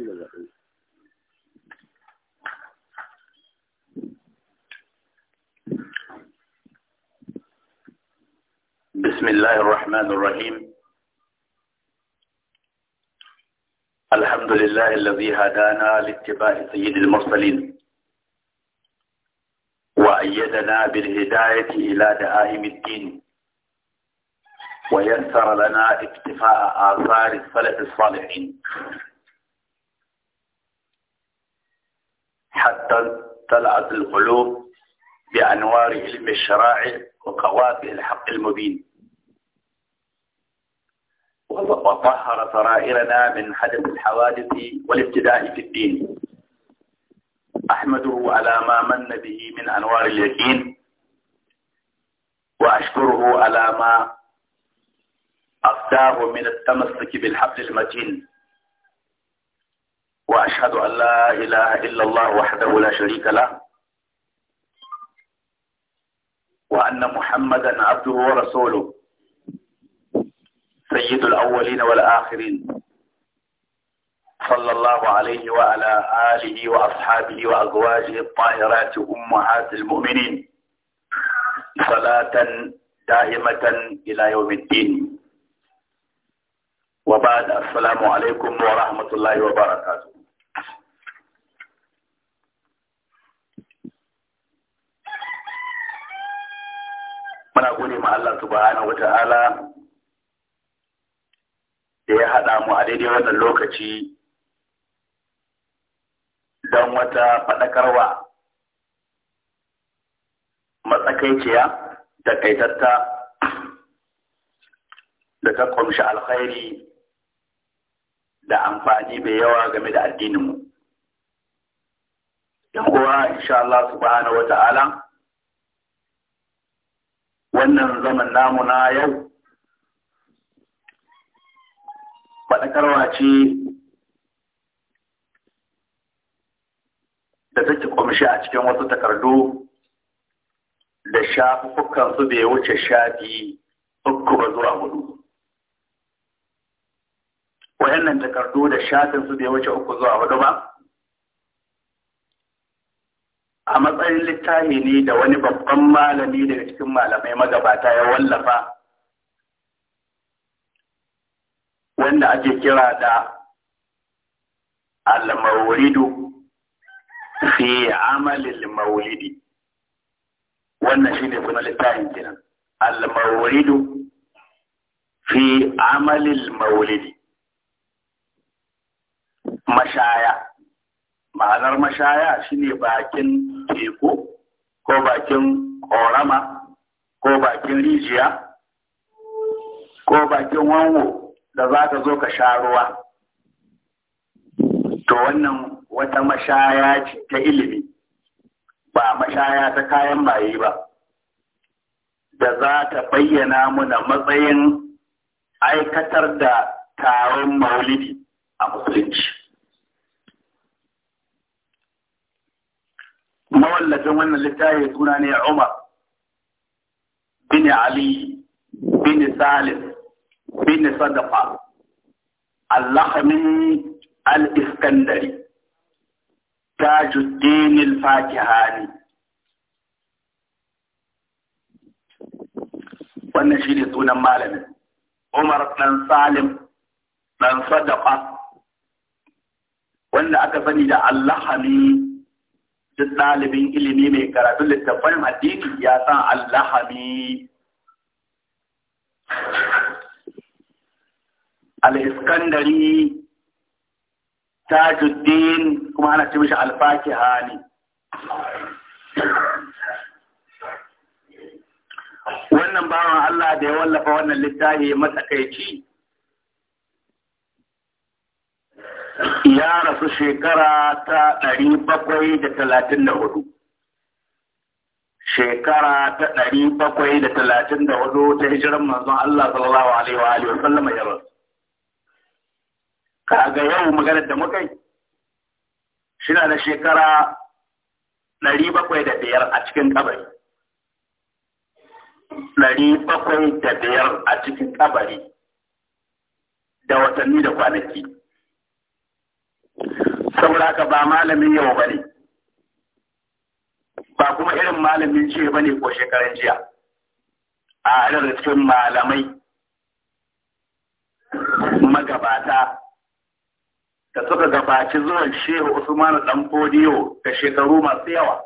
shi da بسم الله الرحمن الرحيم الحمد لله الذي هدانا لاتباع سيد المرسلين وأيدنا بالهداية إلى دعائم الدين ويسر لنا اكتفاء آثار السلف الصالحين طلعت القلوب بأنوار علم الشرائع وقوافل الحق المبين وطهر سرائرنا من حدث الحوادث والابتداء في الدين أحمده على ما من به من أنوار اليقين وأشكره على ما أفتاه من التمسك بالحبل المتين وأشهد أن لا إله إلا الله وحده لا شريك له وأن محمدا عبده ورسوله سيد الأولين والآخرين صلى الله عليه وعلى آله وأصحابه وأزواجه الطاهرات أمهات المؤمنين صلاة دائمة إلى يوم الدين وبعد السلام عليكم ورحمة الله وبركاته muna gode ma Allah subhanahu wata'ala da ya haɗa mu a daidai wannan lokaci don wata faɗakarwa matsakaiciya da kaitatta da ta ƙunshi alkhairi da amfani mai yawa game da addininmu. Yan kowa, insha Allah subhanahu wata'ala wannan zaman namu na yau faɗakarwa ce da take ƙumshi a cikin wasu takardu da shafukan su bai wuce shafi uku ba zuwa hudu wayannan takardu da shafin su bai wuce uku zuwa hudu ba a matsayin littafi ne da wani babban malami daga cikin malamai magabata ya wallafa wanda ake kira da al-mawridu fi amalil mawlidi wannan shine kuma littafin kenan al-mawridu fi amalil mawlidi mashaya ma'anar mashaya shine bakin teku ko bakin ƙorama ko bakin rijiya ko bakin wango da za ka zo ka sha ruwa to wannan wata mashaya ce ta ilimi ba mashaya ta kayan maye ba da za ta bayyana muna matsayin aikatar da taron maulidi a musulunci مولى جوانا لتاهي تقولاني عمر بن علي بن سالم بن صدقة اللحمي الإسكندري تاج الدين الفاكهاني ونشيري دون مالنا عمر بن سالم بن صدقة وانا اتفني الله اللحمي duk ɗalibin ilimi mai karatun Littafan addini ya san allahami al-iskandari tajuddin kuma ana ce alfaki hali. wannan bawan Allah da ya wallafa wannan littafi matsakaici ya rasu shekara ta ɗari bakwai da talatin da hudu. Shekara ta ɗari bakwai da talatin da hudu ta hijiran manzon Allah sallallahu alaihi wa Alaihi wa sallam ya rasu. Kaga yau maganar da muka yi, shina da shekara ɗari bakwai da biyar a cikin kabari. Ɗari bakwai da biyar a cikin kabari da watanni da kwanaki. saboda haka ba malamin yau bane ba kuma irin malamin jiya bane ko shekaran jiya a rarrafin malamai magabata da suka gabaci zuwan shehu usman dan fodiyo da shekaru masu yawa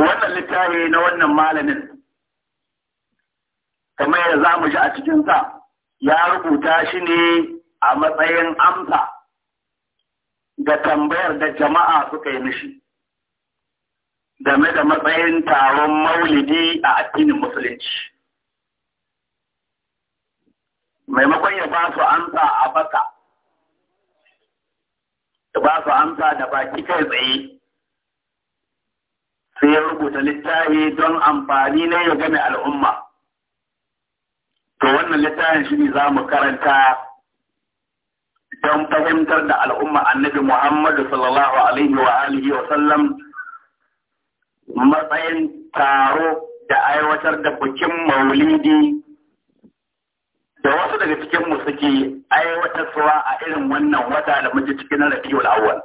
wannan littafi na wannan malamin kamar yadda za mu ji a cikinsa ya rubuta shi ne a matsayin amsa ga tambayar da jama'a suka yi mishi game da matsayin taron maulidi a addinin musulunci maimakon ya ba su amsa a baka ya ba su amsa da baki kai tsaye sai ya rubuta littafi don amfani na ya game al'umma to wannan littafin shi ne za mu karanta don fahimtar da al'umma annabi Muhammadu sallallahu alaihi wa alihi wa sallam matsayin taro da aiwatar da bikin maulidi da wasu daga cikin mu suke aiwatarwa a irin wannan wata da muke cikin rafiul awwal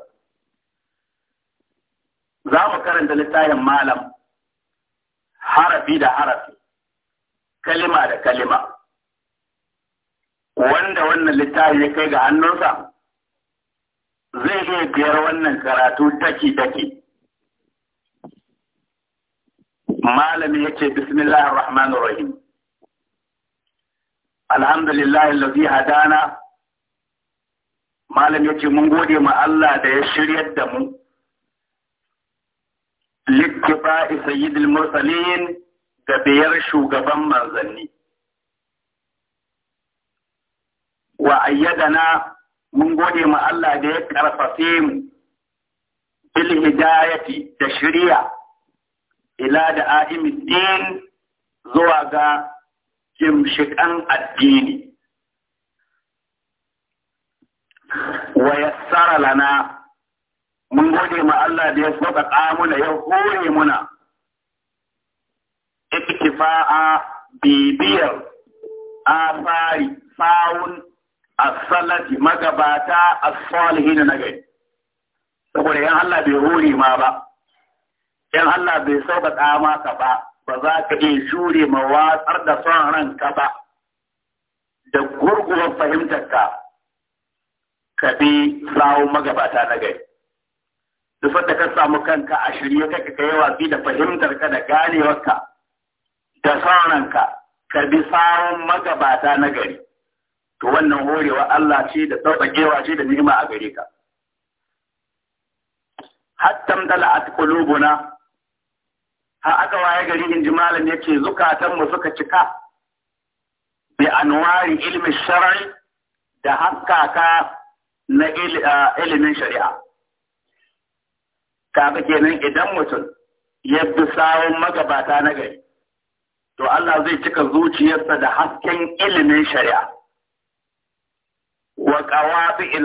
za mu karanta littafin malam harafi da harafi kalima da kalima wanda wannan littafi ya kai ga hannunsa zai iya biyar wannan karatu daki-daki. Malami ya ce, Bismillahir Rahmanir Rahim. Alhamdulillah, lafi hadana, malam ya ce, Mun gode ma Allah da ya shiryar da mu. Likkifa Isayyidul Mursalin da biyar shugaban manzanni. wa ayyadana mun gode ma Allah da ya karfafe mu bil hidayati da shari'a ila da aimiddin zuwa ga kimshikan addini wa yassara lana mun gode ma Allah da ya sauƙaƙa muna ya hore muna iktifa'a bibiyar a afari fawun asalati salati magabata asalihin na gari saboda yan Allah bai hori ma ba yan Allah bai sauƙaƙa maka ba ba za ka iya jure ma watsar da son ranka ba da gurguwar fahimtar ka ka bi sawun magabata na gari duk da ka samu kanka a shirye kake kai watsi da fahimtarka da ganewarka da son ranka ka bi sawun magabata na gari to wannan horewa Allah ce da tsabagewa ce da ni'ima a gare ka hatta a qulubuna ha aka waye gari in ji malam yace zukatan mu suka cika bi anwari ilmi shar'i da haskaka na ilimin shari'a kaga kenan idan mutum ya bi sawun magabata na gari to Allah zai cika zuciyarsa da hasken ilimin shari'a wa qawafi'il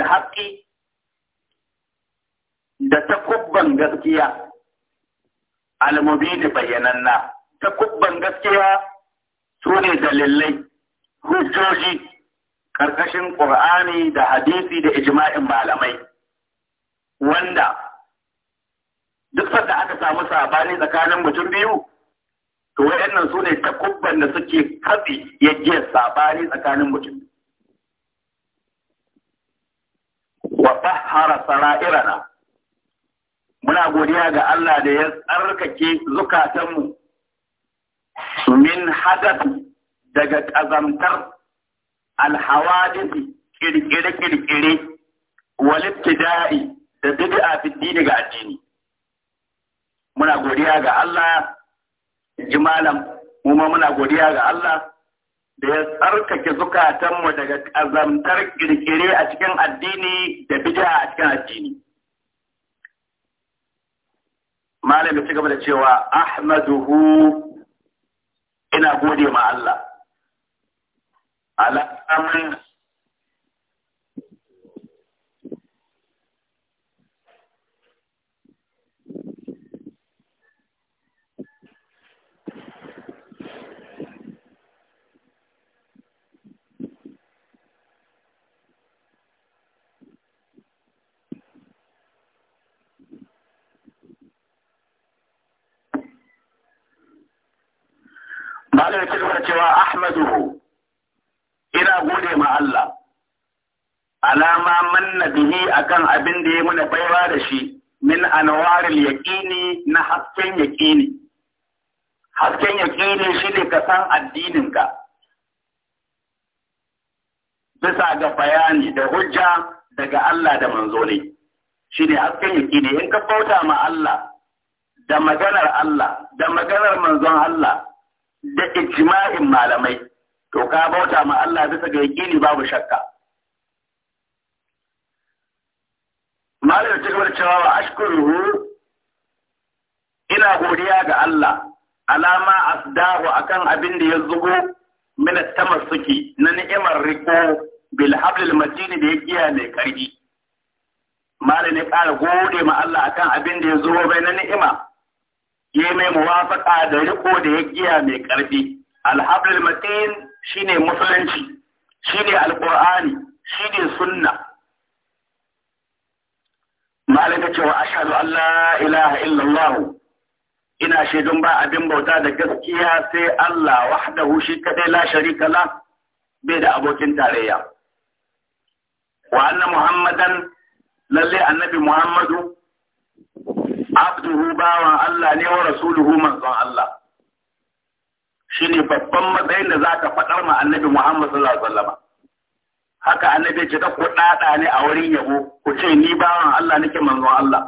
da takubban gaskiya al bayyananna bayananna takubban gaskiya su ne dalilai hujjoji ƙarƙashin Ƙur'ani, da hadisi da ijma'in malamai wanda duk da aka samu sabani tsakanin mutum biyu to wayannan ne takubban da suke katse yajjiyar sabani tsakanin mutum biyu wa tahara sara'irana muna godiya ga Allah da ya tsarkake zukatanmu min hadafi daga ƙazantar alhawadisi kirkire-kirkire walittidai da a fiddini ga addini muna godiya ga Allah jimalan mu muna godiya ga Allah da ya tsarkake zukatanmu daga ƙazamtar ƙirƙiri a cikin addini da bid'a a cikin addini. Malam ci gaba da cewa Ahmaduhu ina gode ma Allah. Allah malam kilmar cewa ahmaduhu ina gode ma Allah alama manna bihi akan abin da ya muna baiwa da shi min anwaril yaqini na hasken yaqini hasken yaqini shine ka san addinin ka bisa ga bayani da hujja daga Allah da manzo ne shine hasken yaqini in ka bauta ma Allah da maganar Allah da maganar manzon Allah ijma'in malamai to ka bauta ma Allah bisa ga yaqini babu shakka malam ta gaba cewa wa ashkuru ina godiya ga Allah alama asdahu akan abin da ya zugo min tamassuki na ni'imar riko bil hablil matin da ya mai karfi malam ne ƙara gode ma Allah akan abin da ya zugo bai na ni'ima ya mai muwafaka da riko da ya giya mai ƙarfi alhablul matin shine musulunci shine alqur'ani shine sunna malaka cewa ashhadu an la ilaha illallah ina shaidun ba abin bauta da gaskiya sai Allah wahdahu shi kadai la sharika la bai da abokin tarayya wa anna muhammadan lalle annabi muhammadu abduhu bawan Allah ne wa rasuluhu manzon Allah ne babban matsayin da za ka faɗar ma annabi Muhammad sallallahu alaihi wasallam haka annabi ce ta ku dada ne a wurin yabo ku ce ni bawan Allah nake manzon Allah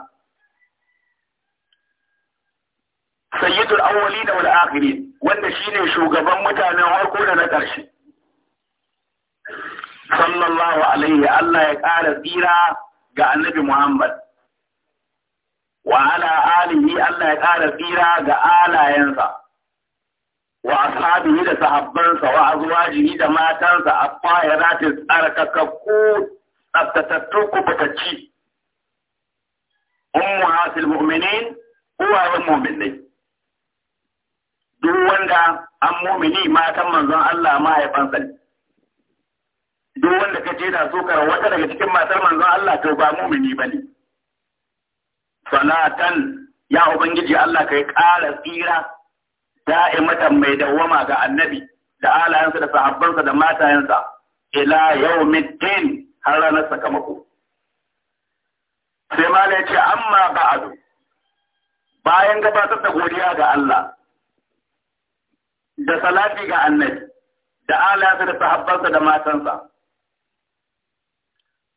sayyidul awwalin wal akhirin wanda shine shugaban mutanen harko da na ƙarshe sallallahu alaihi Allah ya ƙara tsira ga annabi Muhammad wa ala alihi Allah ya ƙara tsira ga alayensa wa ashabihi da sahabbansa wa azwajihi da matansa at-tahiratis arkakakku tsaftatattu kubatacci ummu hasil mu'minin uwayen mu'minai duk wanda an mu'mini matan manzon Allah mahaifansa ne duk wanda ka je da sokar wata daga cikin matan manzon Allah to ba mu'mini bane salatan ya ubangiji Allah kai ƙara tsira da'imatan mai dawwama ga annabi da alayansa da sahabbansa da matayensa ila din har ranar sakamako sai ma ne ce amma ba'adu bayan gabatar da godiya ga Allah da salati ga annabi da alayansa da sahabbansa da matansa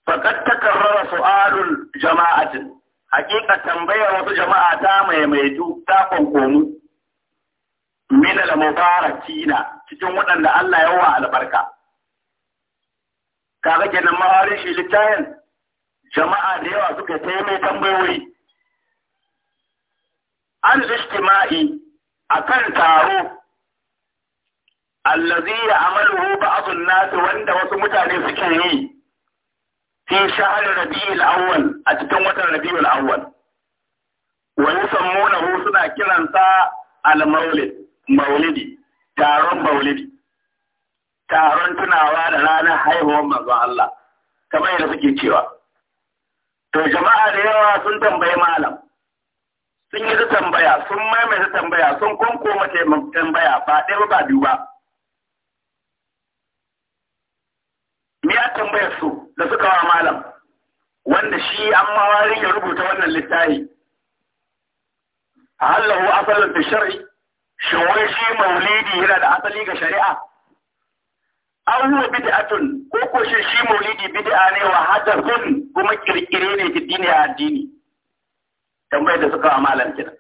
faqad takarrara su'alul jama'atin hakika tambayar wasu jama'a ta maimaitu ta konkomu min al-mubarakina cikin waɗanda Allah ya wa albarka kaga kenan ma'arin shi jama'a da yawa suka sai mai tambayoyi an ijtima'i akan taro allazi ya'maluhu ba'd nas wanda wasu mutane suke yi fi shahr rabi'il awwal a cikin watan rabi'ul awwal wa yusammunahu suna kiransa al-mawlid maulidi taron maulidi taron tunawa da ranar haihuwar mazu Allah kamar yadda suke cewa to jama'a da yawa sun tambayi malam sun yi tambaya sun maimaita tambaya sun kunkoma tambaya ba ɗaya ba biyu ba me ya tambayar su da suka wa malam wanda shi an mawarin ya rubuta wannan littafi hallahu asalin da shar'i shin wai shi maulidi yana da asali ga shari'a an huwa bid'atun ko ko shi shi maulidi bid'a ne wa hadathun kuma kirkire ne ga dini a addini tambayar da suka amalan kira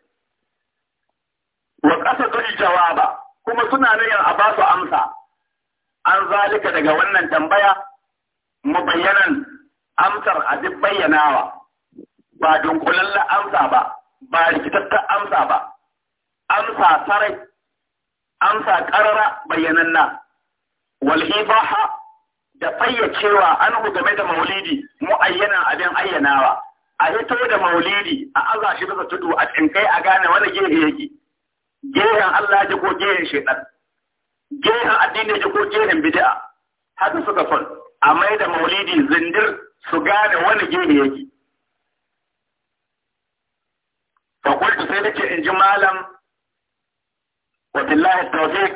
wa qasadul jawaba kuma suna ne a ba amsa an zalika daga wannan tambaya mubayyanan amsar a duk bayyanawa ba dunkulalla amsa ba ba rikitattar amsa ba amsa sarai amsa karara bayyananna wal ibaha da fayyacewa an game da maulidi mu'ayyanan abin ayyanawa a hito da maulidi a aza shi bisa tudu a tsinkai a gane wani gehe yake gehen Allah ji ko gehen shaitan gehen addini ji ko gehen bid'a haka suka son a mai da maulidi zindir su gane wani gehe yake fakultu sai nake in ji malam wabillahi tawfiq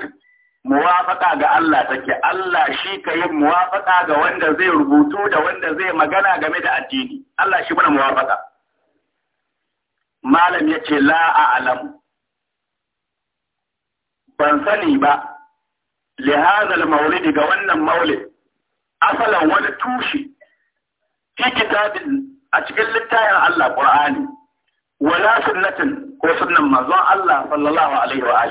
muwafaqa ga Allah take Allah shi ka yi muwafaqa ga wanda zai rubutu da wanda zai magana game da addini Allah shi muna muwafaqa malam yace la a'lam ban sani ba li hadha al ga wannan maulid asalan wani tushe fi kitabin a cikin littafin Allah Qur'ani wala sunnatin ko sunnan manzon Allah sallallahu alaihi wa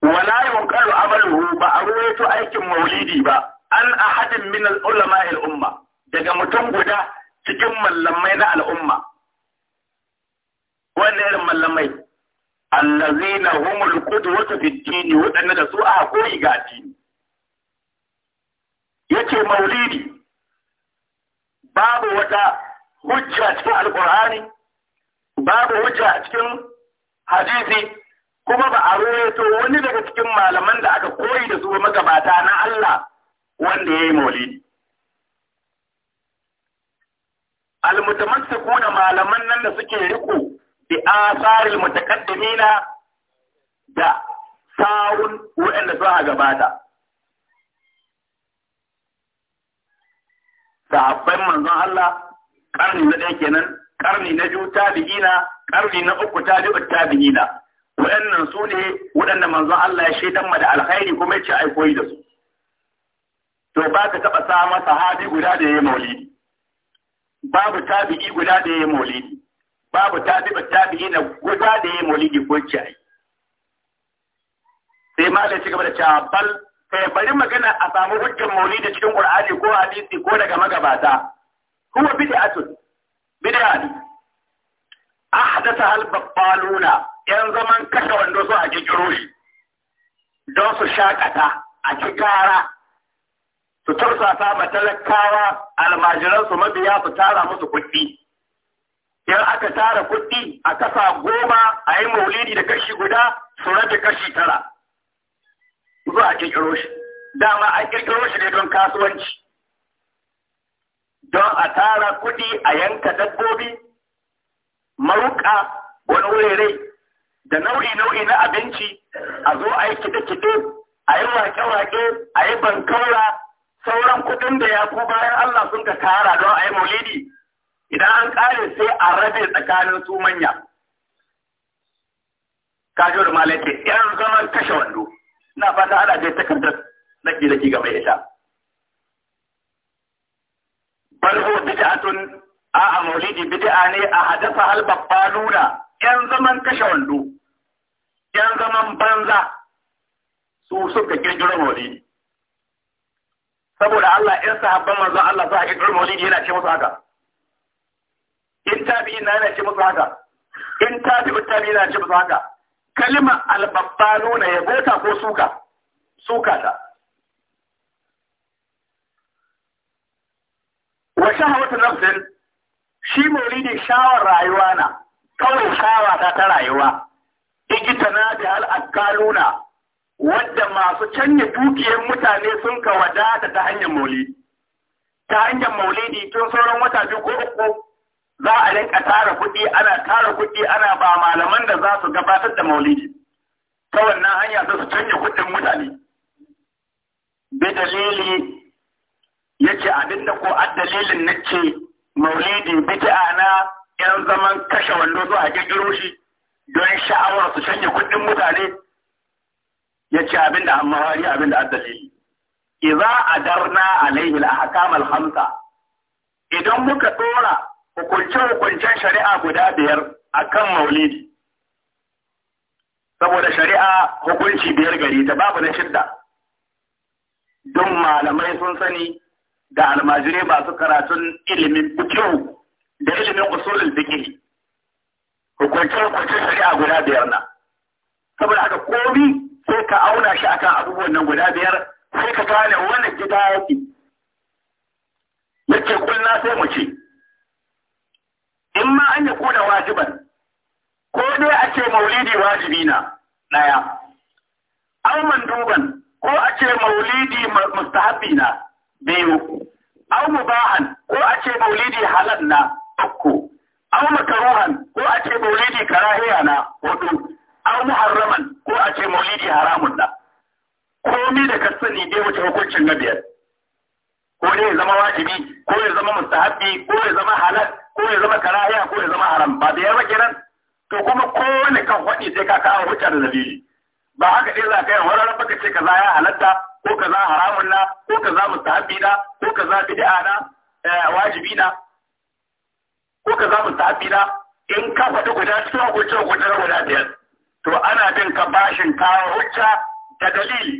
wala yunqalu amaluhu ba a ruwaito aikin maulidi ba an ahadin min al-ulama al daga mutum guda cikin mallamai na al'umma wannan irin mallamai allazina humul qudwatu fid dini wadanne da su maulidi babu wata hujja cikin alkur'ani babu hujja cikin hadisi kuma ba a roeto wani daga cikin malaman da aka koyi da su magabata na Allah wanda ya yi maulidi. Almutamassaku da malaman nan da suke riko bi asaril mutaqaddimina da sawun waɗanda suka gabata. Sahabban manzon Allah karni na ɗaya kenan karni na biyu tabi'ina karni na uku tabi'ut tabi'ina waɗannan su ne waɗanda manzon Allah ya shaidan ma da alkhairi kuma ya ce ai koyi da su to ba ka taɓa sama sahabi guda da ya maulidi babu tabi'i guda da ya maulidi babu tabi'ut tabi'ina guda da ya maulidi ko ce ai sai ma da ci gaba da cewa bal sai bari magana a samu hujjar maulidi cikin Qur'ani ko hadisi ko daga magabata huwa bid'atun bid'a ne ahdatha al babbaluna yan zaman kashe wando su a kikiro shi don su shakata a kikara su tursasa ma talakawa almajiransu mabiya su tara musu kuɗi yan aka tara kuɗi a ƙasa goma a yi maulidi da kashi guda su rage kashi tara zuwa kirkiro shi dama an kirkiro shi ne don kasuwanci don a tara kudi a yanka dabbobi maruka, wani wurere, da nau'i-nau'i na abinci a zo a yi kide-kide a yi wake-wake a yi bankaura sauran kuɗin da ya ku bayan Allah sun ka tara don a yi maulidi idan an ƙare sai a rabe tsakanin su manya kajo da malaka yan zaman kashe wando na fata ana je takardar nake da ki game da ita bal bid'atun a a maulidi bid'a ne a hadafa hal nuna yan zaman kashe wando yan zaman banza su suka kirkiro maulidi saboda Allah yan sahabban manzon Allah sa kirkiro maulidi yana ce musu haka in tabi na yana ce musu haka in tabi tabi'in na ce musu haka kalma al nuna ya bota ko suka suka ta shahawatu nafsin shi maulidi shawar rayuwa na kawai shawa ta ta rayuwa igitana da al'akaluna wadda masu canya dukiyar mutane sun ka wadata ta hanyar maulidi ta hanyar maulidi tun sauran wata biyu ko uku za a rinka tara kuɗi ana tara kuɗi ana ba malaman da za su gabatar da maulidi ta wannan hanya za su canja kuɗin mutane bi dalili abin abinda ko na ce maulidi bid'a na yan zaman kashe wando zuwa gaggiro shi don sha'awar su canje kuɗin mutane Ya yace abinda amma wari abinda addalili idza a alaihi al alaihi al alhamsa idan muka dora hukunce-hukuncen shari'a guda biyar a kan maulidi saboda shari'a hukunci biyar gari ta babu na shidda don malamai sun sani da almajirai masu karatun ilimin kyau da ilimin usulul fikihi Hukuncin-hukuncin shari'a guda biyar na saboda haka komi sai ka auna shi akan abubuwan nan guda biyar sai ka gane wani gida yake yake kulna sai mu ce in ma an yi kuna wajiban ko dai a ce maulidi wajibi na ɗaya au manduban ko a ce maulidi mustahabbi na biyu aw mubahan ko a ce maulidi halal na uku aw makaruhan ko a ce maulidi karahiya na hudu aw muharraman ko a ce maulidi haramun na komai da ka sani dai wuce hukuncin na biyar ko ne zama wajibi ko ya zama mustahabbi ko ya zama halal ko ya zama karahiya ko ya zama haram ba da yawa kiran to kuma kowane kan faɗi sai ka kawo hujjar da dalili ba haka dai za ka yi wani baka ce kaza ya halatta ko kaza haramun na ko mu mustahabbi na ko ka kaza da na eh, wajibi na ko ka za mu mustahabbi na in ka faɗi guda cikin hukunci hukunci na guda biyar to ana bin ka bashin ka hujja da dalili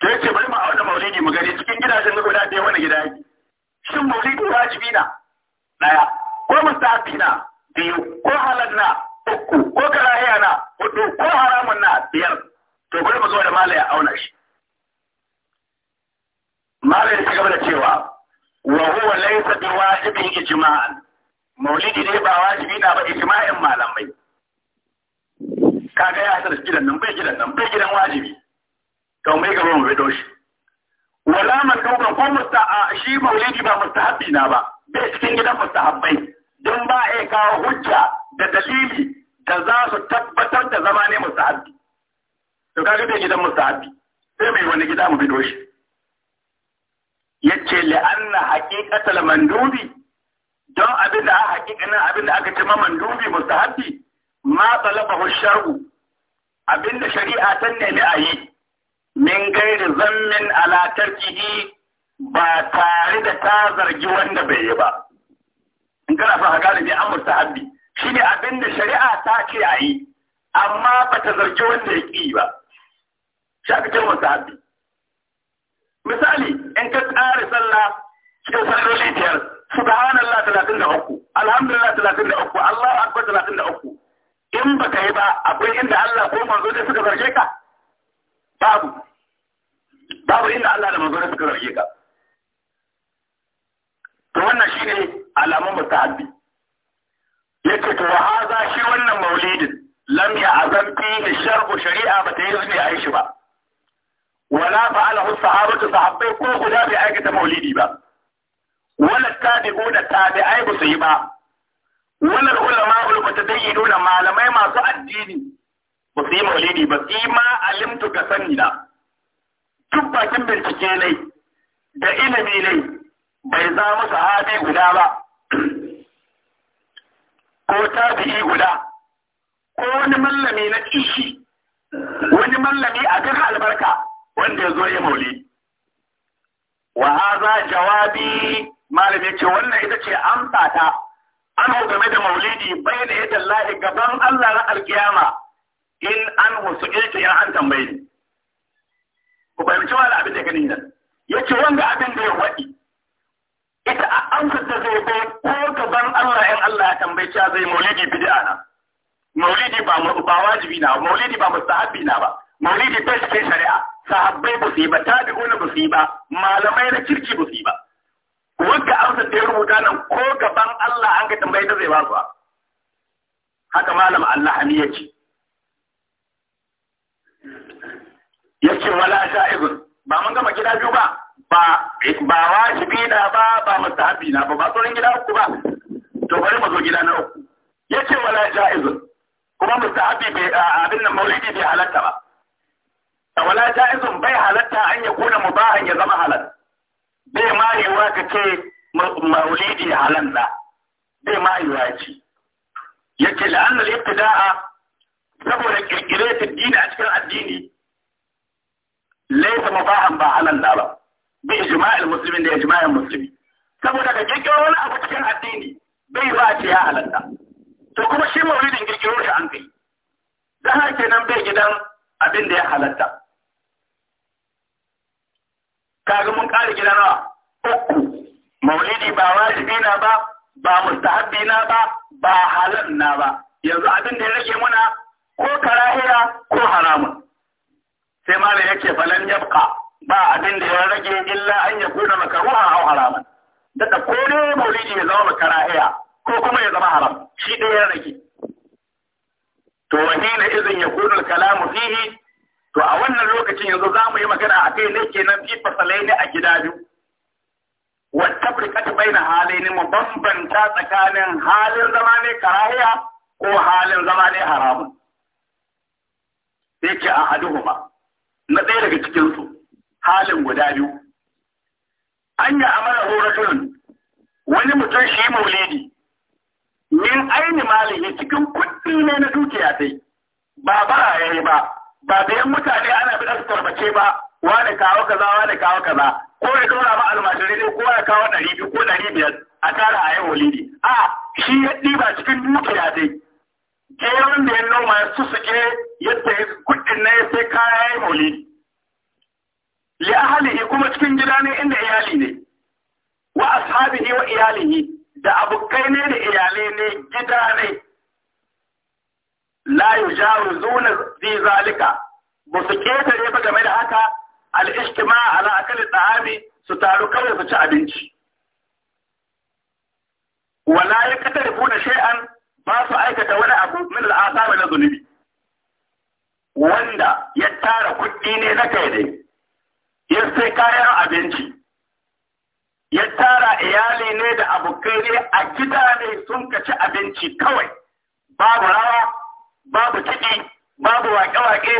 to yace bari mu a wannan maulidi mu gani cikin gidajen na guda biyar wani gida yake shin maulidi wajibi na daya ko mustahabbi na biyu ko halal na uku ko karahiya na hudu ko haramun na biyar to bari mu zo da malaya auna shi malam ya gaba da cewa wa huwa laysa bi wajibin ijma'an maulidi ne ba wajibi na ba ijma'in malamai kaga ya hasar gidan nan bai gidan nan bai gidan wajibi to mai gaba mu bido shi wala man kauka ko musta'a shi maulidi ba mustahabbi na ba bai cikin gidan mustahabbai don ba a kawo hujja da dalili da za su tabbatar da zama ne mustahabbi to kaga bai gidan mustahabbi sai mai wani gida mu bido shi yace la'anna haqiqatal mandubi don abin da haqiqanin abin da aka ce ma mandubi mustahabi ma talabahu shar'u abin da shari'a ta nemi a yi min gairi zammin ala tarkihi ba tare da ta zargi wanda bai yi ba in kana fa haka da an mustahabi shine abin da shari'a ta ce a yi amma ba ta zargi wanda ya ƙi ba shi aka ce misali in ka ƙare sallah cikin salloli biyar subhanallah talatin da uku alhamdulillah talatin da uku allah akbar talatin da uku in ba ka yi ba akwai inda allah ko manzo da suka zarge ka babu babu inda allah da manzo da suka zarge ka to wannan shine alamun mustahabbi yace to haza shi wannan maulidin lam ya azam fi shar'u shari'a ba ta yi ne a yi shi ba wala fa'alahu sahabatu sahabbai ko guda bai aikata maulidi ba wala tabi'una tabi'ai ba su yi ba wala ulama ul mutadayyinuna malamai masu addini ba su yi maulidi ba su yi ma alimtu ga sani na duk bakin bincike ne da ilimi ne bai za mu sahabi guda ba ko tabi'i guda ko wani mallami na kishi wani mallami a kan albarka wanda ya zo ya mauli wa haza jawabi malam ya ce wannan ita ce an fata an game da maulidi bai da yadda lahi gaban Allah na alkiyama in an wasu ilta in an tambaye ni ku fahimci wani abin da ganin nan ya ce wanda abin da ya waɗi ita a amsa da zai bai ko gaban Allah in Allah ya tambaye cewa zai maulidi bid'a na maulidi ba ba wajibi na maulidi ba mustahabi na ba Maliki ba shi shari'a sahabbai musiba, su yi ba tabi'una yi ba malamai na kirki musiba. yi ba wanda amsa da ya rubuta nan ko gaban Allah an ga tambayi ta zai ba su haka malam Allah hali ya ce ya ce wala sha'ibun ba mun gama gida biyu ba ba ba wajibi na ba ba mustahabi na ba ba tsoron gida uku ba to bari mu zo gida na uku ya ce wala sha'ibun kuma mustahabi bai abin nan maulidi bai halatta ba wala ja'izun bai halatta an ya kuna mubahan ya zama halal bai ma wa ka ce maulidi halal da bai ma yiwa ci yace la'anna yadda da'a. saboda kirkire ta dini a cikin addini laifin mubahan ba halal da ba bi ijma'il musulmi da ijma'in musulmi saboda ka kirkiro wani abu cikin addini bai ba ce ya halal to kuma shi maulidin kirkiro shi an kai da haka nan bai gidan abin da ya halatta kaga mun ƙara gida nawa uku maulidi ba wajibi na ba ba mustahabbi na ba ba halal na ba yanzu abin da ya rage muna ko karahiya ko haramun sai malam yake falan yabqa ba abin da ya rage illa an ya kuna makaruha aw haraman daga ko ne maulidi ya zama karahira ko kuma ya zama haram shi ɗaya ya rage to ne izin ya kuna kalamu fihi to a wannan lokacin yanzu za mu yi magana a kai ne kenan nan fasalai ne a gida biyu wata firkata bai na halin ne mu bambanta tsakanin halin zama ne karahiya ko halin zama ne haramun sai ke a haduhuma na ɗaya daga cikinsu halin guda biyu an yi amara horatun wani mutum shi maulidi min aini malihi cikin kuɗi ne na dukiya sai ba bara ya yi ba ba da yan mutane ana bi su tarbace ba wa da kawo kaza wa wani kawo kaza ko ya dora ma almajiri ne ko ya kawo ɗari biyu ko ɗari biyar a tara a yi holidi. a shi ya ɗiba cikin dukiya dai ke wanda ya noma su suke yadda kuɗin na ya sai kaya ya yi maulidi li kuma cikin gida ne inda iyali ne wa ashabihi wa iyalihi da abokai ne da iyalai ne gida ne la yujawizuna zuna zalika ba su ketare ba game da haka al-ijtima ala su taru kawai su ci abinci wala yaqtarifuna sha'an, ba su aikata wani abu min al na zunubi wanda ya tara kuɗi ne na kai ya sai kayan abinci ya tara iyali ne da abokai ne a gida ne sun kaci abinci kawai babu rawa babu kiɗi babu waƙe-waƙe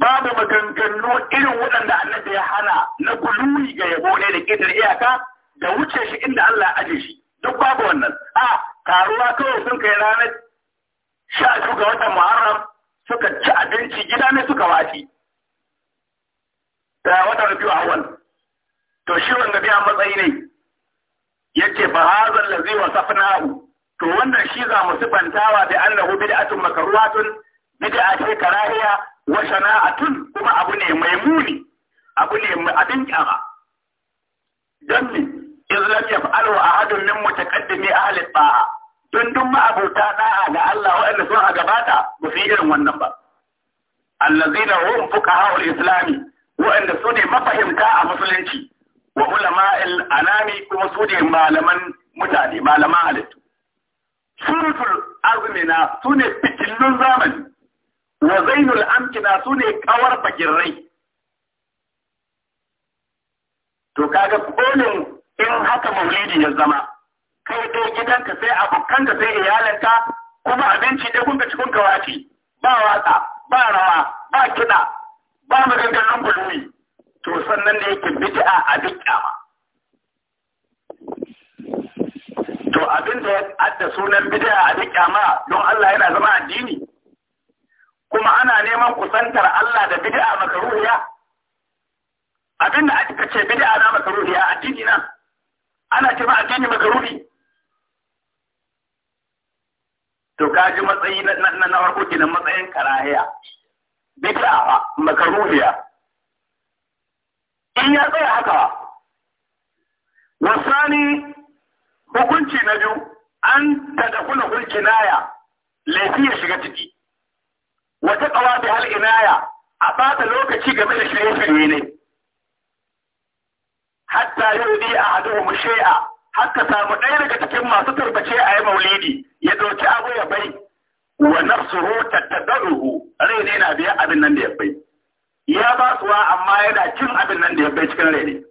babu maganganu irin waɗanda Allah ya hana na kuluri ga yabo ne da ƙetar iyaka da wuce shi inda Allah ya aje shi duk babu wannan a karuwa kawai sun kai ranar sha su ga watan muharram suka ci abinci gida ne suka wafi da watan rabiu awal to shi wanda biya matsayi ne yace fa hazal ladhi wasafnahu to wannan shi za mu sifantawa da annahu bid'atun makruhatun bid'a ce karahiya wa shana'atun kuma abu ne mai muni abu ne mai abin kyama dan ne idza lam yaf'alu ahadun min mutaqaddimi ahli ta'a don duk ma'abuta da'a ga Allah wa'anda sun gabata ba su yi irin wannan ba allazina hum fuqaha al-islami wa'anda su ne mafahimta a musulunci wa ulama al-anami kuma su ne malaman mutane malaman halittu sunful azmina su ne fitillun zamani wa zainul amkina su ne kawar bagirrai to kaga kolin in haka maulidi ya zama kai dai gidanka sai abokanka sai iyalanka kuma abinci dai kun ka cikin kawaci ba watsa, ba rawa ba kiɗa ba maganganun gulmi to sannan ne yake bid'a a duk ma abin da ya adda sunan bid'a a duk kyama don Allah yana zama addini kuma ana neman kusantar Allah da bid'a makaruhiya abin da aka ce bid'a na makaruhiya addini na ana cewa addini makaruhi to ka ji matsayi na na na farko kenan matsayin karahiya bid'a makaruhiya in ya tsaya haka wasani hukunci na biyu an tadakula hul naya laifi ya shiga ciki wata kawa da hal inaya a bata lokaci game da shirye-shirye ne hatta yudi ahaduhum shay'a hatta samu ɗaya daga cikin masu tarbace a yi maulidi ya ɗauki abu ya bai wa nafsuhu tattabaruhu rai ne na biya abin nan da ya ya ba suwa amma yana cin abin nan da ya bai cikin rai ne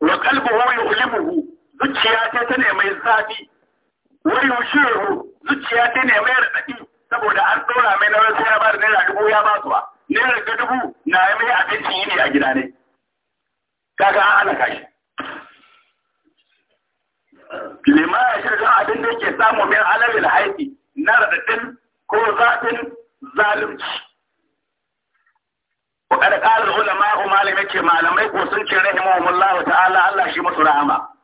wa qalbuhu yu'limuhu zuciya ta ta ne mai zafi wani shiru zuciya ta ne mai raɗaɗi saboda an ɗora mai na wasu ya ba da naira dubu ya ba su ba naira ga dubu na ya mai abinci yi ne a gida ne kaga an ana shi kilima ya da abin da yake samu min alalil haifi na raɗaɗin ko zafin zalunci ulama قال العلماء ke malamai ko sun ce rahimahumullahu ta'ala Allah shi musu rahama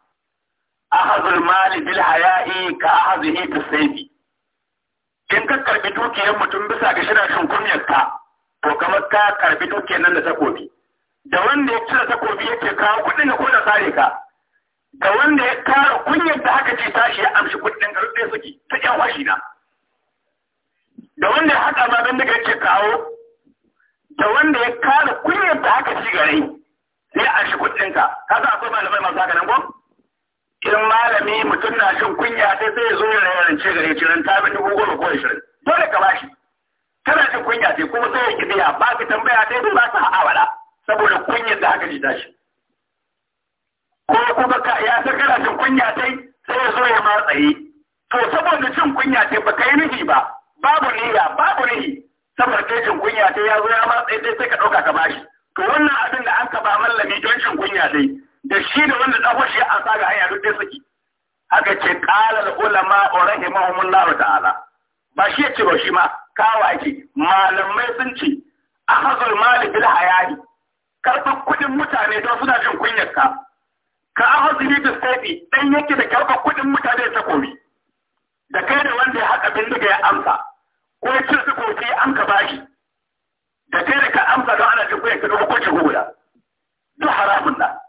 ahazul mali bil haya'i ka ahazihi tasaybi in ka karbi dukiyar mutum bisa ga shirin shin ka ka karbi dukiyar nan da takobi da wanda ya cire takobi yake kawo kuɗin da koda sare ka da wanda ya kara kunyar da haka ce tashi ya amshi kuɗin karɓe suke ta ƴan washi na da wanda ya haɗa ma don daga yake kawo da wanda ya kara kunyar da haka ci gare ya amshi kuɗin ka ka akwai malamai masu haka ko in malami mutum na shan kunya sai sai ya zo ya rayarance gare ciran ta min dubu goma ko ashirin dole ka bashi tana shan kunya sai kuma sai ya ki biya ba ka tambaya sai bai ba ta awala saboda kunyar da haka ji tashi ko kuma ka ya san kana shan kunya sai sai ya zo ya tsaye to saboda shan kunya sai ba ka yi nihi ba babu niyya babu nihi saboda kai jin kunya sai ya zo ya tsaye sai ka ɗauka ka bashi to wannan abin da an ka ba mallami don shan kunya sai da shi da wanda dan washi a saga hanya duk dai saki haka ce da ulama wa rahimahumullah ta'ala ba shi yace ba shi ma kawa ake malamai sun ce A ahazul mali bil hayali karɓar kuɗin mutane don suna jin kunyar ka ka ahazuli da sai dan yake da karɓar kuɗin mutane ta komi da kai da wanda ya haka bindiga ya amsa ko ce su kofi an ka bashi da kai da ka amsa don ana jin kunyar ka don hukunci guda duk haramun nan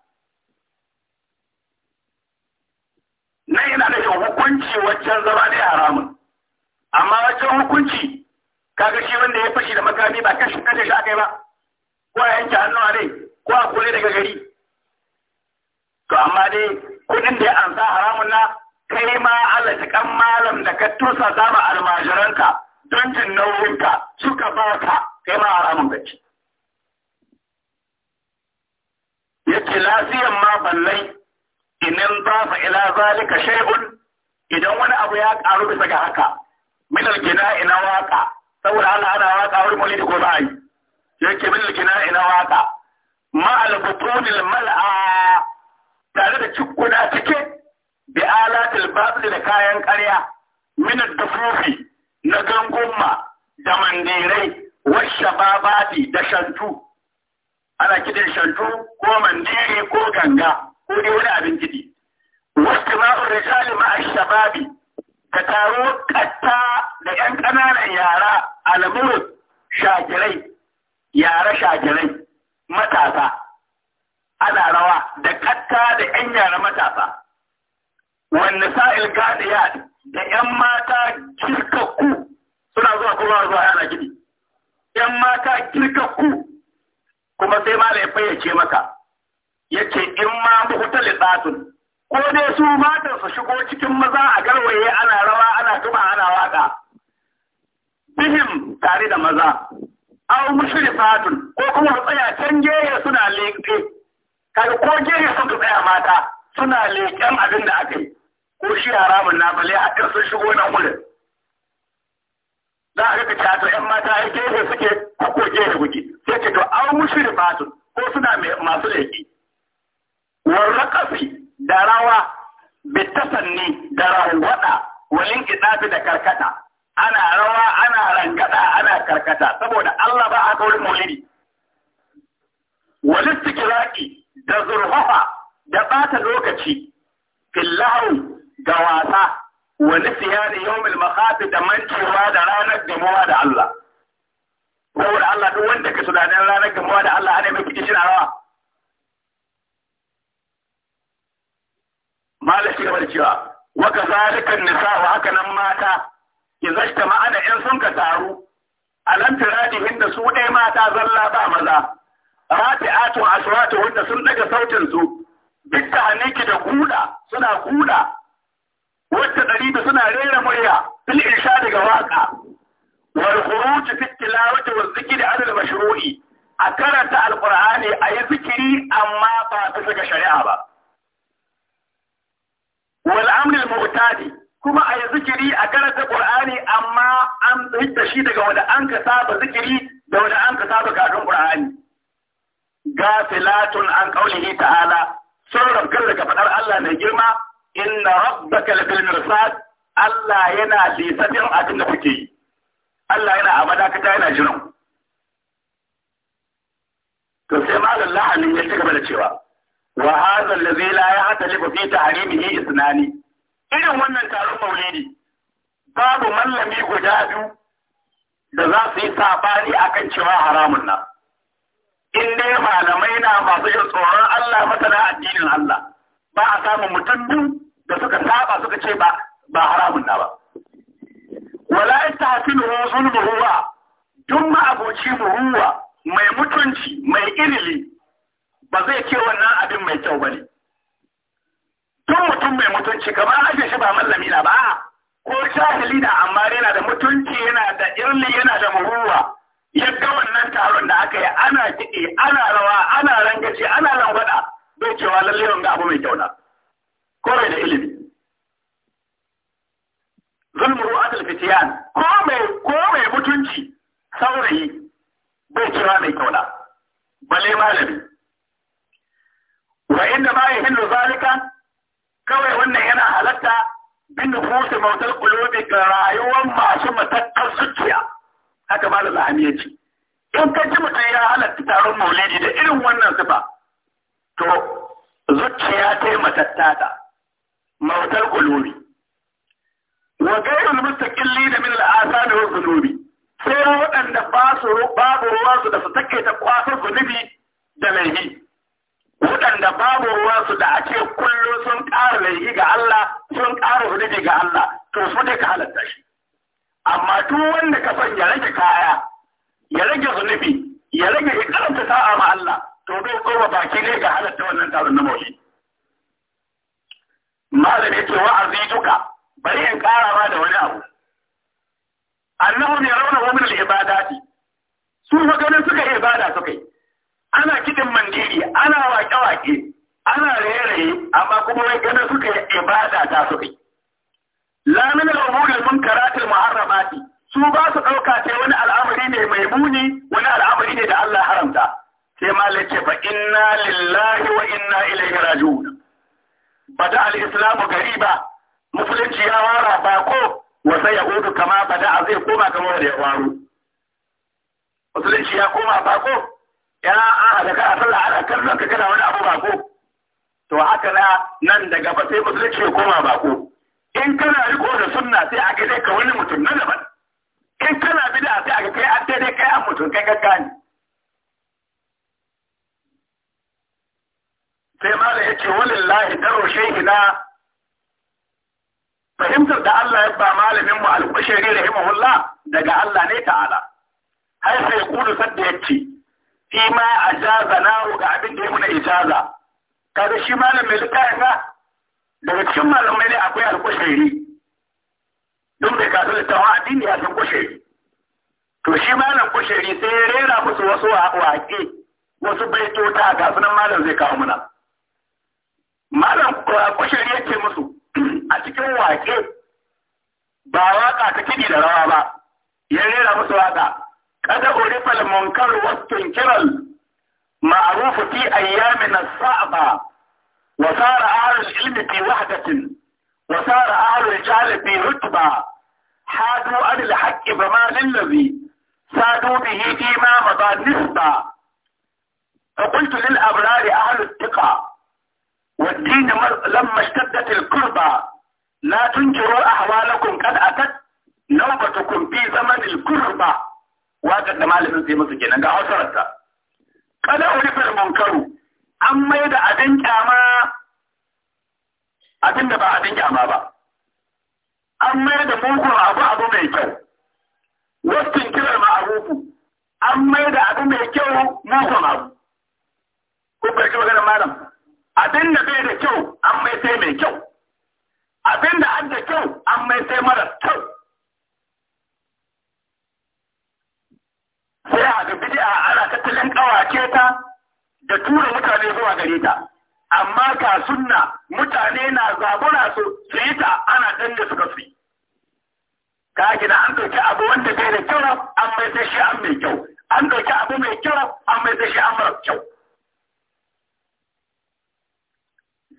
nan yana da hukunci waccan zama ne haramun amma waccan hukunci kaga shi wanda ya fashi da makami ba kashi kashe shi akai ba ko a yanke hannuwa ne ko a kule daga gari to amma dai kuɗin da ya ansa haramun na kai ma alajikan malam da ka tusa zama almajiranka don jin nauyinka suka ba ka kai ma haramun gaci yake lafiyan ma ballai idan fa ila zalika shay'un idan wani abu ya karu bisa ga haka min al-gina ina waka saboda ana ana waka wurin mulki ko ba ai yake min al-gina ina waka ma al-butun al-mal'a tare da cikuna cike bi alatil babli da kayan ƙarya min ad-dufufi na gangumma da mandirai wa shababati da shantu ana kidan shantu ko mandiri ko ganga ko wani abin gidi wasu ma'un rijali ma'a shababi ka taro katta da yan ƙananan yara almuru shagirai yara shagirai matasa ana rawa da katta da yan yara matasa wanne sa'il gadiyat da yan mata ku suna zuwa kuma zuwa yana gidi yan mata ku, kuma sai ma ya fayyace maka yace in ma muhtal batun ko dai su matan su shigo cikin maza a garwaye ana rawa ana tuba ana waka bihim tare da maza aw mushrifatun ko kuma su tsaya can geye suna leƙe kai ko geye sun tsaya mata suna leƙen abin da aka yi ko shi haramun na bale a kan sun shigo na wurin za a ga ta yan mata ai gefe suke ko gefe guki sai ce to aw mushrifatun ko suna masu leƙi warraƙafi da rawa bitasanni da wani walin fi da karkata ana rawa ana rangada ana karkata saboda Allah ba a kawai maulidi Wani tikiraki da zurfafa da bata lokaci fillahu ga wasa wani siyani yawmil makhafi da mancewa da ranar gamuwa da Allah saboda Allah duk wanda ka tunanin ranar gamuwa da Allah ana mai kike a rawa malaci gaba cewa wa kazalikan nisa wa haka nan mata idan ta ma'ana in sun ka taru alam tiradihin inda su dai mata zalla ba maza ato aswatu wanda sun daga sautin su duk da hannunki da guda suna guda. wata da suna rera murya fil insha daga waka wal khuruj fi tilawati wa zikri adal mashru'i a karanta alqur'ani ayi zikiri amma ba bisa shari'a ba wal amril mu'tadi kuma a yi zikiri a karanta Qur'ani amma an hidda shi daga wanda an ka saba zikiri da wanda an ka saba karatun Qur'ani gafilatun an qaulihi ta'ala sun rabkar daga fadar Allah mai girma inna rabbaka bil mirsad Allah yana lisafin abin da kuke yi Allah yana abada kata yana jiran to sai malam lahanin ya ci gaba da cewa wa hadha allazi la yahtalifu fi ta'rimihi isnani irin wannan taron maulidi babu mallami guda biyu da za su yi sabani akan cewa haramun nan in dai malamai na masu yin tsoron Allah masana addinin Allah ba a samun mutum biyu da suka saba suka ce ba ba haramun na ba wala istahsinu zulmuhu wa duk ma abuci mai mutunci mai ilili ba zai ce wannan abin mai kyau ba ne. tun mutum mai mutunci kamar ajin shi ba mallami na ba ko shahili na amma yana da mutunci yana da irli yana da muruwa yadda wannan taron da aka yi ana kiɗe, ana rawa ana rangaci ana langwada bai cewa lalle wanga abu mai kyau na kore da ilimi Zulmuru ru'atul fitiyan ko mai ko mai mutunci saurayi bai cewa mai kyau na bale malami wa inda ma yahillu zalika kawai wannan yana halatta bin nufusi mautar kulubi ga rayuwar masu matakkan zuciya haka ba da lahani ce in ka ji mutum ya halatta taron maulidi da irin wannan sifa to zuciya ta yi matattata mautar kulubi wa gairul mustaqilli da min al'asa da wasu zunubi sai waɗanda ba su babu su da su take ta kwasar zunubi da laifi waɗanda babu su da ake kullo sun ƙara laifi ga Allah sun ƙara hudubi ga Allah to su ne ka halatta shi amma duk wanda ka san ya rage kaya ya rage zunubi ya rage ya karanta sa'a ma Allah to bai koma baki ne ga halatta wannan taron na mawuyi malami ce wa'azi duka bari in ƙara ba da wani abu annahu ne rauna wa min al-ibadati su fa ganin suka ibada suka yi ana kiɗin mandiri ana waƙe-waƙe ana raye-raye amma kuma wai gana suka yi ibada ta suka yi lamin al'umuri mun karatul muharramati su ba su ɗauka sai wani al'amari ne mai muni wani al'amari ne da Allah haramta sai malik ce fa inna lillahi wa inna ilaihi raji'un bada al-islam gariba musulunci ya wara ba ko wa sai yahudu kama bada zai koma kamar da ya waro musulunci ya koma ba ko ya a da kana sallah ana kallon ka kana wani abu bako to haka na nan da gaba sai musulunci ya koma bako in kana riko da sunna sai a ga ka wani mutum na daban in kana bid'a sai a ga kai an daidai kai an mutum kai gaggani sai ma da yake walillahi daro na. fahimtar da Allah ya ba malamin mu al-Bushari rahimahullah daga Allah ne ta'ala har sai kudu sadda yake ma a jaza na ga abin da ya muna ijaza kaga shi malam mai littafin ka daga cikin malamai ne akwai alƙushairi don bai kasu tawa addini a cikin kushairi to shi malam kushairi sai ya rera musu wasu waƙe wasu baitota ga sunan malam zai kawo muna malam kushairi ya ce musu a cikin waƙe ba waƙa ta kiɗi da rawa ba ya rera musu waƙa قد عرف المنكر واستنكر معروف في أيامنا الصعبة وصار أهل العلم في وحدة وصار أهل الجهل في رتبة حادوا أن الحق فما للذي سادوا به فيما مضى نسبة فقلت للأبرار أهل الثقة والدين لما اشتدت الكربة لا تنكروا أحوالكم قد أتت نوبتكم في زمن الكربة waƙar da malamin sai musu kenan ga hausararsa kada urifar munkaru an mai da abin kyama abin da ba abin kyama ba an mai da mugun abu abu mai kyau wasu kirar ma'arufu an mai da abu mai kyau mugun abu kun barki maganar malam abin da bai da kyau an mai sai mai kyau abin da an da kyau an mai sai mara kyau sai a ga bidi'a ana tattalin kawace ta da tura mutane zuwa gare ta amma ka sunna mutane na zabura su su yi ta ana danne suka fi. ka gina an ɗauki abu wanda bai da kyau an mai da shi an mai kyau an ɗauki abu mai kyau an mai da shi an mara kyau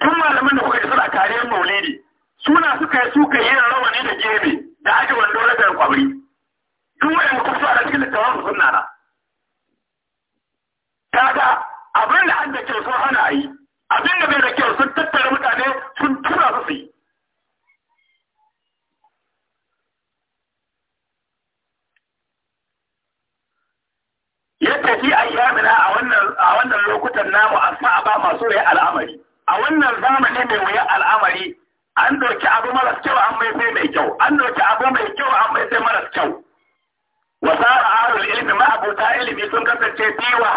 tun malamin da kuka yi suna tare maulidi suna suka yi suka yi rawani da gebe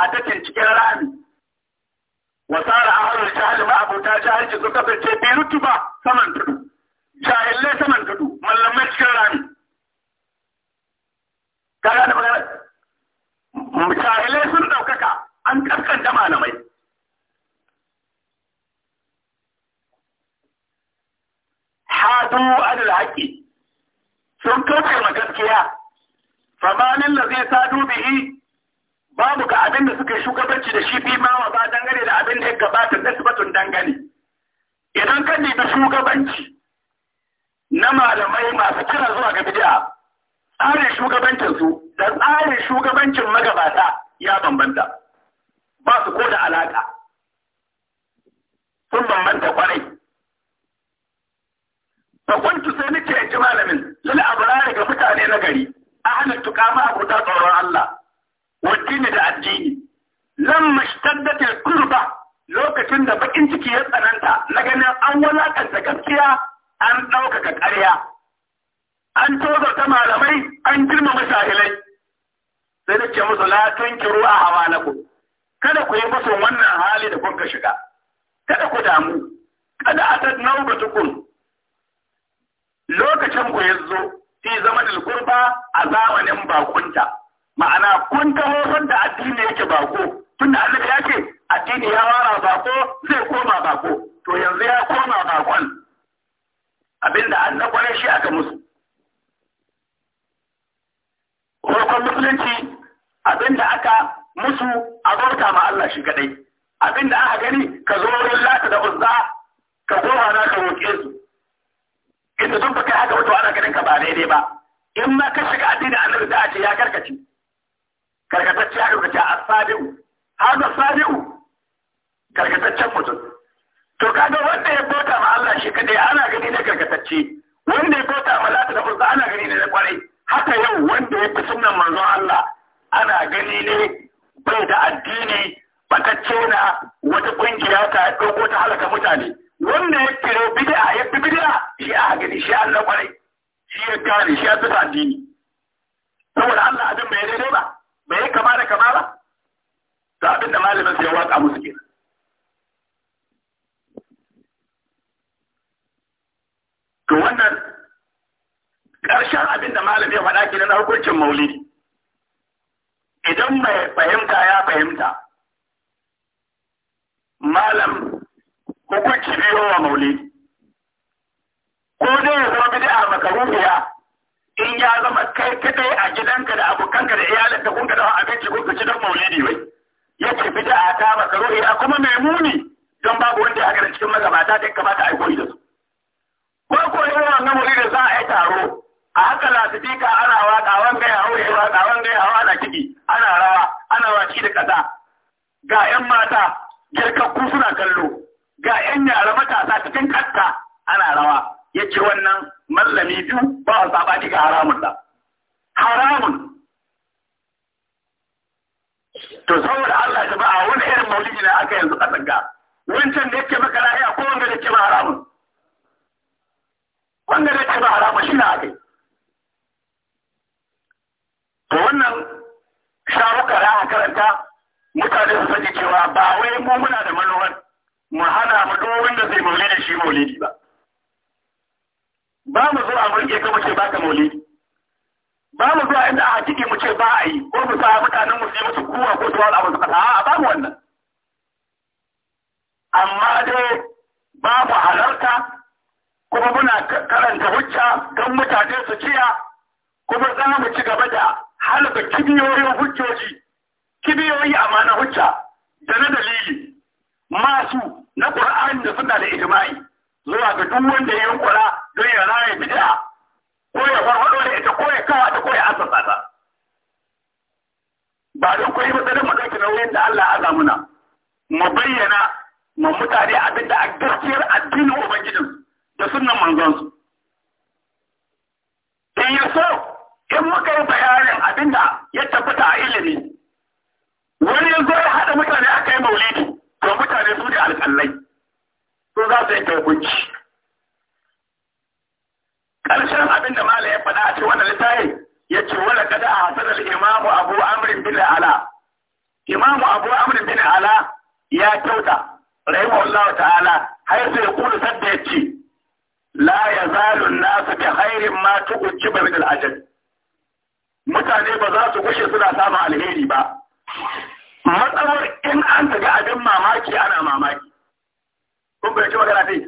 atakin cikin ra'ani wa sara ahlul jihar ma abuta jahilci suka fice bi rutuba saman tudu jahilai saman tudu mallamai cikin rami kaga da magana jahilai sun daukaka an kaskanta malamai hadu adal haƙi sun kauce ma gaskiya famanin da zai sadu bihi babu ga abin da suka shugabanci da shi fi ma ba dangane da abin da ya gabata da batun dangane idan kan ne da shugabanci na malamai masu kira zuwa ga bidiya, tsarin shugabancin su da tsarin shugabancin magabata ya bambanta ba su ko da alaka sun bambanta kwarai Fakuntu sai nake ji malamin lil abrari ga mutane na gari a hana tukama abuta tsoron Allah waddini da addini lamma ishtaddat kurba lokacin da bakin ciki ya tsananta na ganin an walakanta gaskiya an ɗaukaka ƙarya an tozarta malamai an girmama sahilai sai da ce musu la tunkiru a hamalakum kada ku yi musu wannan hali da kuka shiga kada ku damu kada a ta naubatukum lokacin ku yanzu fi zaman alkurba a zamanin bakunta ma'ana kun taho da addini yake bako tun da Allah ya ce addini ya wara bako zai koma bako to yanzu ya koma bakon abinda annabi ya shi aka musu farkon musulunci abinda aka musu a bauta ma Allah shi kadai abinda aka gani ka zo wurin lata da uzza ka goma na ka roƙe su inda sun baka haka wato ana ganin ka ba daidai ba in ma ka shiga addini Allah da a ce ya karkace karkatacciya karkata a sadi'u haza sadi'u karkataccen mutum to kaga wanda ya bota ma Allah shi kadai ana gani na karkatacce wanda ya bota ma lati da kurza ana gani ne na kwarai haka yau wanda ya fi sunan manzon Allah ana gani ne bai da addini batacce na wata kungiya ta dauko ta halaka mutane wanda ya kiro bid'a ya fi bid'a shi a gani shi Allah kwarai shi ya gane shi ya fi addini saboda Allah abin bai daidai ba bai yi kama da kama ba ta abin da malamin sai waka musu kenan to wannan ƙarshen abin da malamin ya faɗa ke na hukuncin maulidi idan mai fahimta ya fahimta malam hukunci biyo wa maulidi ko dai ya zama bid'a makaruhiya in ya zama kai kadai a gidanka da abokanka da iyalin da kunka da abinci kunka ci don maulidi wai yake fita a ta makaruhi a kuma mai muni don babu wanda ya gara cikin magabata da kamata a yi koyi da su ko ko irin wannan maulidi za a yi taro a haka lasifika ana waƙa wanga ya haure a wanga ya hawa ana kiɗi ana rawa ana waci da kaza ga 'yan mata girkakku suna kallo ga 'yan yara matasa cikin katta ana rawa yace wannan mallami biyu ba a saba daga haramun da haramun to saboda Allah ta ba a wani irin maulidi ne aka yanzu kasanga wancan da yake maka lahiya ko wanda da yake ba haramun wanda da ba haramun shi na kai. to wannan sharuka da aka karanta mutane su sani cewa ba wai mu muna da manowar mu hana mu duk wanda zai maulidi shi maulidi ba ba mu zuwa burge ka mu ce ba ka maulidi ba mu zuwa inda a hakiki mu ce ba a yi ko mu sa mutanen mu su musu kuwa ko su wala musu kasa a ba mu wannan amma dai ba mu halarta kuma muna karanta hujja don mutane su ciya kuma za mu ci gaba da halaka kibiyoyin hujjoji kibiyoyi a na hujja da na dalili masu na ƙura'ani da suna da ijma'i zuwa ga duk wanda ya yunkura don ya raya bid'a ko ya farfado da ita ko ya kawa ta ko ya asasa ta ba don koyi ba tsarin matsayin nauyin da Allah ya na, mu bayyana ma mutane abin da a gaskiyar addinin ubangijin da sunan su. in ya so in muka yi bayanin abin da ya tabbata a ilimi wani ya zo ya haɗa mutane aka yi maulidi to mutane su da alƙallai su za su yanke ƙarshen abin da malam ya faɗa a ce wannan littafi ya ce wala kada a hasanar imamu abu amrin bin ala imamu abu amrin bin ala ya kyauta rahimahullahu ta'ala har sai ya kula sadda ya ce la ya zalun nasu bi khairin ma tu'uci ba mutane ba za su kushe suna samun alheri ba matsawar in an taga abin mamaki ana mamaki kun bai ci magana dai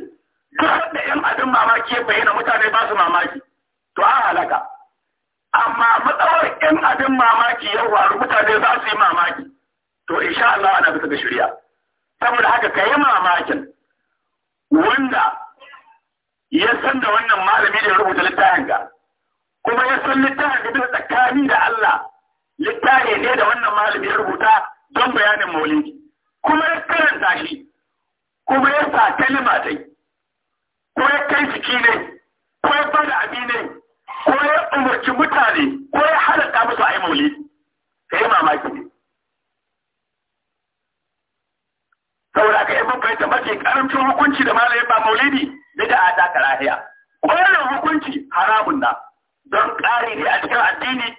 duk da yan abin mamaki ya bayyana mutane ba su mamaki to a halaka amma matsawar yan abin mamaki ya faru mutane za su yi mamaki to insha Allah ana bisa ga shirya saboda haka ka yi mamakin wanda ya san da wannan malami da rubuta littafin ga kuma ya san littafin da tsakani da Allah littafi ne da wannan malami ya rubuta don bayanin maulidi kuma ya karanta shi kuma ya sa kalima dai ko ya kai jiki ne ko ya fara abi ne ko ya umarci mutane ko ya halatta musu a yi mauli yi mamaki ne saboda ka yi babbai ta mafi karancin hukunci da malayin ba maulidi da da a daka rahiya wannan hukunci haramun na don ƙari ne a cikin addini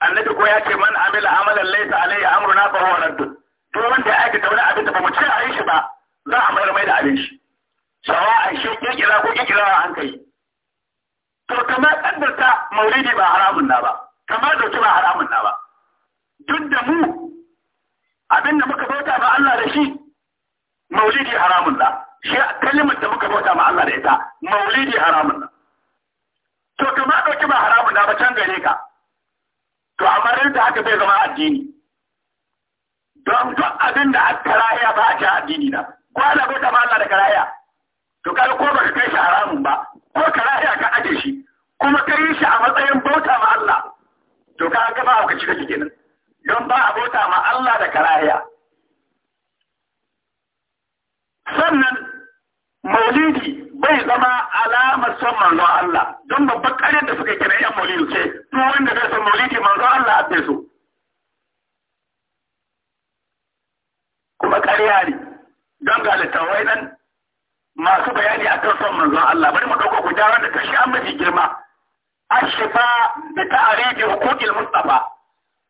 annabi ko ya ce man amila amalan laisa alayhi amruna fa huwa raddun to wanda ya aikata wani abin da ba mu ce a yi shi ba za a mai mai da abin shi shawa a shi kira ko kira a hankali to kamar kaddarta maulidi ba haramun na ba kamar da ba haramun na ba duk da mu abin da muka bauta ma Allah da shi maulidi haramun na shi kalimar da muka bauta ma Allah da ita maulidi haramun na to kamar da ba haramun na ba can gare ka to amma rin da haka bai zama addini don duk abin da aka rahiya ba a addini na ba da bauta ma Allah da karaya to kai ko baka kai shi haramun ba ko karaya ka aje shi kuma kai shi a matsayin bauta ma Allah to ka ga ba ka cika nan, don ba a bauta ma Allah da karaya sannan maulidi bai zama alamar son manzo Allah don babban ƙaryar da suka kira yan maulidi ce to wanda zai son maulidi manzo Allah a so kuma ƙarya ne don ga littawai nan masu bayani a kan son manzon Allah bari mu dauko guda wanda ta shi an mafi girma ashifa da ta ta'arifi hukukil mustafa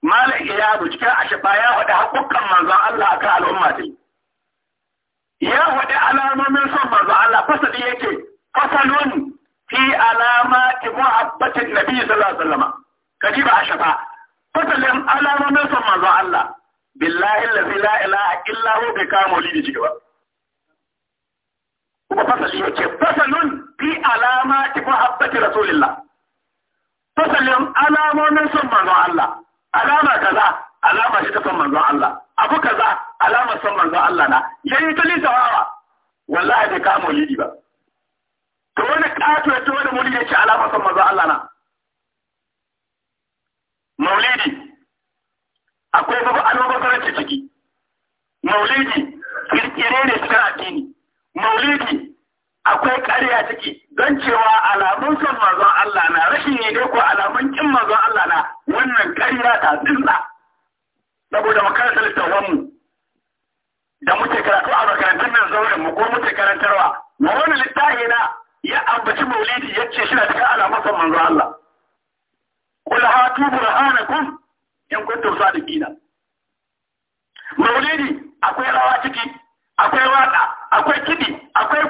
ya iyadu cikin ashifa ya faɗi hakukan manzon Allah akan al'umma dai ya faɗi alamomin son manzon Allah fasali yake fasalun fi alamati muhabbatin nabi sallallahu alaihi wasallam kaji ba ashifa fasalin alamomin son manzon Allah billahi allazi la ilaha illa hu bi kamuli da cigaba kuma fasali yake fasalun alama alamati muhabbati rasulillah fasalin alamomin son manzon Allah alama kaza alama shi ta son manzon Allah abu kaza alama son manzon Allah na yayi ta lisawa wallahi bai kamo lidi ba to wani kato ya to wani mulki yace alama son manzon Allah na maulidi akwai babu albabakarci ciki maulidi kirkire ne cikin addini maulidi akwai ƙarya ciki don cewa alamun son mazan Allah na rashin ne ko alamun kin mazan Allah na wannan ƙarya ta tsinta saboda makarantar littafanmu da muke karatu a makarantar nan zauren mu ko muke karantarwa ma wani littafi na ya ambaci maulidi ya ce shi na cikin alamun son manzo Allah. Kula hatu burhanakum in kuntum sadiqina maulidi akwai rawa ciki akwai waka akwai kidi akwai